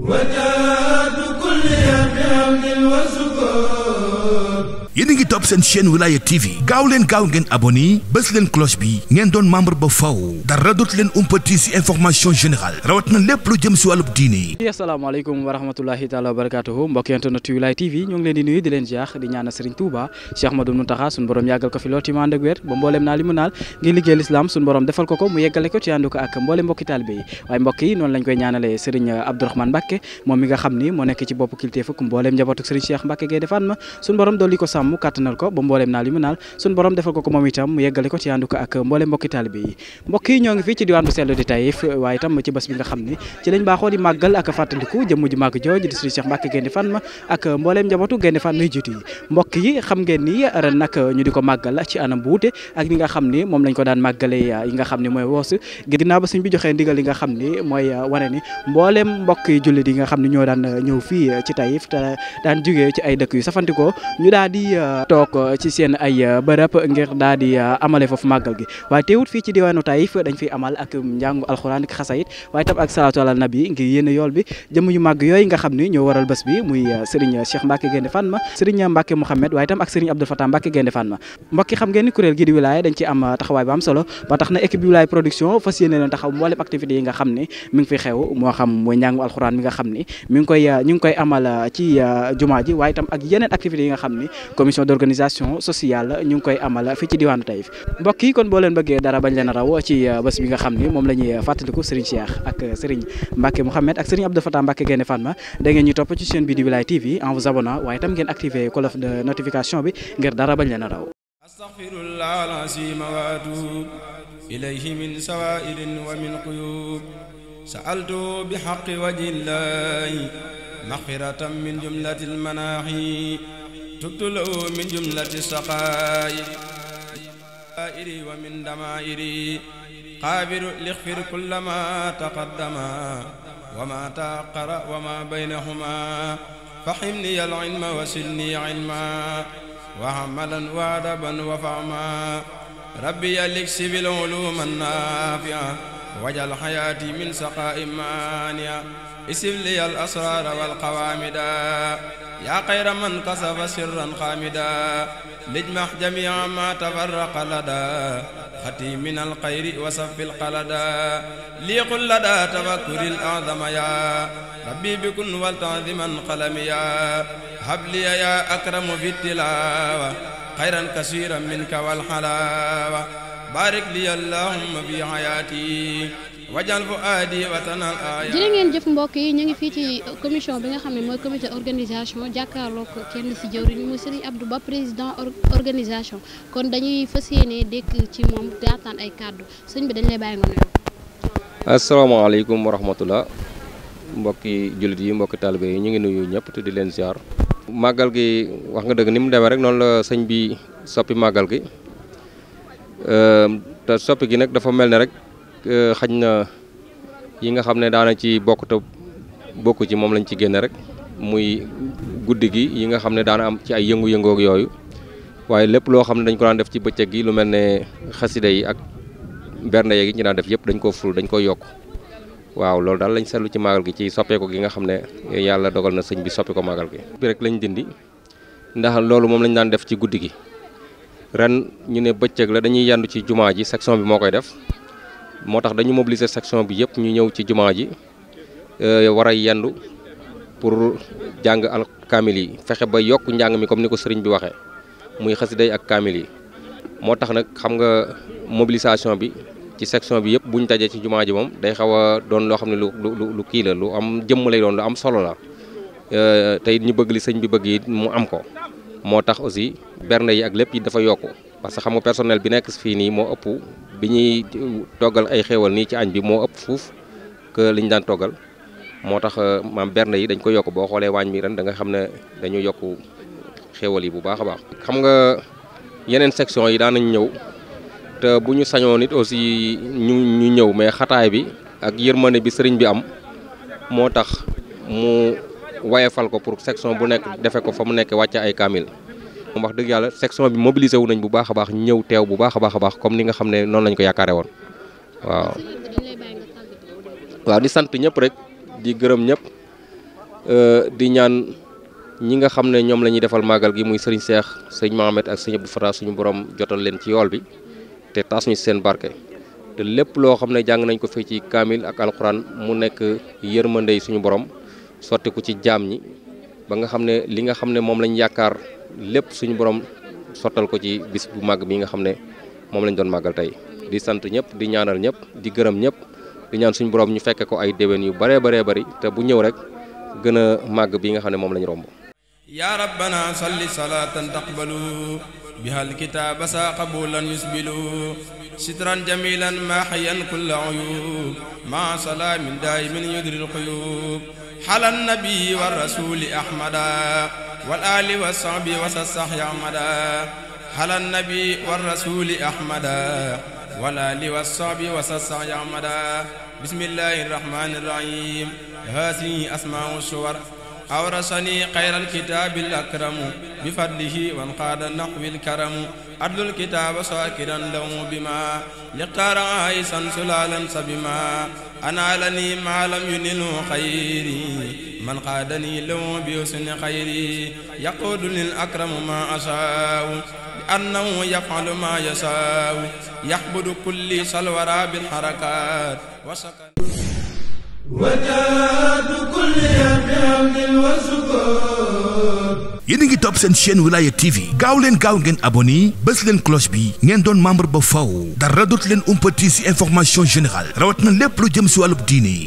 وتاد كل يوم وسكون yéen ngi topp seen chaîne Wilaya TV gaaw leen gaaw ngeen abonné bés leen cloche bi ngeen doon membre ba faw dara dootu leen umpati si information générale rawat na lépp lu jëm si wàllub diini yi asalaamaaleykum wa rahmatulahi taala wa ba mbooleem naa li mu naal ngir liggéey l'islam suñu borom defal ko ko mu yeggale ko ci àndu ak mbooleem mbokki taalibe yi waaye mbokk noonu lañ koy ñaanale Serigne Abdourahmane Mbacké moom mi nga xam ni moo sàmm kàttanal ko ba mbooleem naal yi mu naal suñu borom defal ko ko moom itam mu yeggale ko ci ak mbooleem mbokki taalibe yi mbokk yi ñoo ci diwaan bu sell di Taïf waaye itam ci bés bi nga xam ne mbooleem njabootu di anam bu wute nga xam ne moom lañ ko daan màggale yi nga xam ne mooy woos ginnaaw ba suñ bi joxee ndigal yi nga xam ne mooy wane ni mbooleem mbokk yi jullit yi nga xam ne ñoo daan ñëw fii ci Taïf te daan jugee ci ay dëkk yu safantikoo ñu daal toog uh, ci seen ay uh, bërëb ngir daal di uh, amale foofu màggal gi waaye teewut fii ci diwaanu Taïf dañ fiy amal ak njàngu alxuraan ak xasayit waaye tam ak salaatu ala nabi ngir yéen yool bi jëm yu màgg nga xam ni ñoo waral bés bi muy Serigne Cheikh Mbacke Gaynde Fatma Serigne Mbacke Mouhamed waaye tam ak Serigne Abdou Fatah Mbacke Gaynde Fatma mbokki xam ngeen ni kuréel gi dañ ci am taxawaay bu solo ba tax na équipe wilaaya production fas yéene leen taxaw mboolem activités yi nga xam ni mi ngi fi xew moo xam mooy njàngu alxuraan mi commission d'organisation sociale ñu ngi koy amal fii ci diwaanu Taïf mbokk yi kon boo leen bëggee dara bañ leen raw ci euh, bés bi nga xam ni moom la ñuy euh, fàttaliku Serigne Cheikh ak euh, Serigne Mbacke Mouhamed ak Serigne Abdou Fatah Mbacke Gaïndé Fatma da ngeen ñuy topp ci chaîne bi di Wilaya TV en vous waaye tam ngeen activer cloche de notification bi ngir dara bañ leen raw astaghfirullah al-azim wa min sawaa'ir wa min quyuub sa'altu bi haqqi wajhi llahi maghfiratan تبت له من جملة السقائي دائري ومن دمائري قابر لاغفر كل ما تقدم وما تأخر وما بينهما فحمني العلم وسلني علما وعملا وادبا وفهما ربي الاكسب العلوم النافعه وجعل حياتي من سقاء مانعه اسب لي الاسرار والقوامدا yaa xayra man kasafa sirran xaamida lijmax jamia ma tafarraqa lada xati min alxayri wa safil xalada liiqul lada tafakkuril azama ya rabbi bikun wal tanziman xalami ya habliya ya akramu fi tilawa xayran kasiran minka wal xalawa jërë ngeen jëf mbokk yi ñu ngi fii ci commission bi nga xam ne mooy comité organisation jàkkaarloog kenn si jëwriñ muy Serigne Abdou Ba président organisation kon dañuy fas yéene dëkk ci moom gaataan ay kàddu sëñ bi dañ lay bàyyi nga nuyoo. asalaamaaleykum wa rahmatullah mbokki jullit yi mbokki taalibe yi ñu ngi nuyu ñëpp te di leen ziar. màggal gi wax nga dëgg ni mu demee rek noonu la sëñ bi soppi màggal gi. Ehm, te soppi gi nag dafa mel ne rek eh, xañ na yi nga xam ne daana ci bokk te bokk ci moom lañ ci génne rek muy guddi gi yi nga xam ne daana am ci ay yëngu-yëngoo yooyu waaye lépp loo xam ne dañ ko daan def ci bëccëg gi lu mel ne xasida yi ak bernde yeeg yi ñu daan def yëpp dañ koo ful dañ koo yokk waaw loolu daal lañ seetlu ci màggal gi ci soppeeku gi nga xam ne yàlla dogal na sëñ bi soppi ko màggal gi. bi lañ dindi ndax loolu moom lañ daan def ci guddi gi. ren ñu ne bëccëg la dañuy yandu ci jumaa ji section bi moo koy def moo tax dañu mobiliser section bi yëpp ñu ñëw ci jumaa ji euh, war a yandu pour jàng al kaamil yi fexe ba yokk njàng mi comme ni ko sëriñ bi waxee muy xes day ak kaamil yi moo tax nag xam nga mobilisation bi ci section bi yëpp bu ñu dajee ci jumaa ji moom day xaw a doon loo xam ne lu lu lu kii la lu am jëmm lay doon lu am solo la euh, tey ñu bëgg li sëñ bi bëgg yi mu am ko moo tax aussi berne yi ak lépp yi dafa yokk parce que xam nga personnel bi nekk fii nii moo ëpp bi ñuy toggal ay xéewal nii ci añ bi moo ëpp fuuf que li ñu daan toggal moo tax euh, maam berne yi dañ ko yokk boo xoolee waañ mi ren da nga xam ne dañu yokk xéewal yi bu baax a baax. xam nga yeneen section yi daan nañ ñëw te bu ñu sañoon it aussi ñu ñu ñëw mais xataay bi ak yërmande bi sëriñ bi am moo tax mu. wayefal ko pour section bu nekk defe ko fa mu nekkee wàcce ay kaamil moom wax dëgg yàlla section bi mobilisé wu nañ bu baax a baax ñëw teew bu baax a baax a baax comme ni nga xam ne noonu lañ ko waaw waaw di sant ñëpp rek di gërëm ñëpp euh, di ñaan ñi nga xam ne ñoom la ñuy defal màggal gi muy sëriñ Seex sëñ Mohamed ak sëñ Abdou Fatah suñu borom jotal leen ci yool bi te taas ñu seen barke te lépp loo xam ne jàng nañ ko fii ci kaamil ak alxuraan mu nekk yërmandey suñu borom sotti ko ci jaam ñi ba nga xam ne li nga xam ne moom lañ yaakaar lépp suñu borom sottal ko ci bis bu màgg bi nga xam ne moom lañ doon màggal tey di sant ñëpp di ñaanal ñëpp di gërëm ñëpp di ñaan suñu borom ñu fekke ko ay déwén yu baree baree bari te bu ñëw rek gën a màgg bi nga xam ne moom lañu romb ya rabbana salli salatan taqbalu biha alkitaba sa qabulan yusbilu sitran jamilan ma hayyan kulla uyub ma salaamin daimin yudri alquyub على النبي والرسول أحمدا والآل والصحب وسصح أحمدا على النبي والرسول أحمدا والآل والصحب وسصح أحمدا بسم الله الرحمن الرحيم هذه أسماء الشور أورثني خير الكتاب الأكرم بفضله وانقاد النحو الكرم أدل الكتاب ساكرا له بما لقتار عيسا سلالا سبما أنالني ما لم ينله خيري من قادني له بحسن خيري يقود للأكرم ما أشاء لأنه يفعل ما يشاء يحبد كل صلورا بالحركات وسكن وجاد كل يوم yéen a ngi topp seen chaîne Wilaya TV gaaw leen gaaw ngeen abonné bés leen cloche bi ngeen doon membre ba faw dara leen umpati ci information générale rawat na lépp lu jëm ci wàllu diine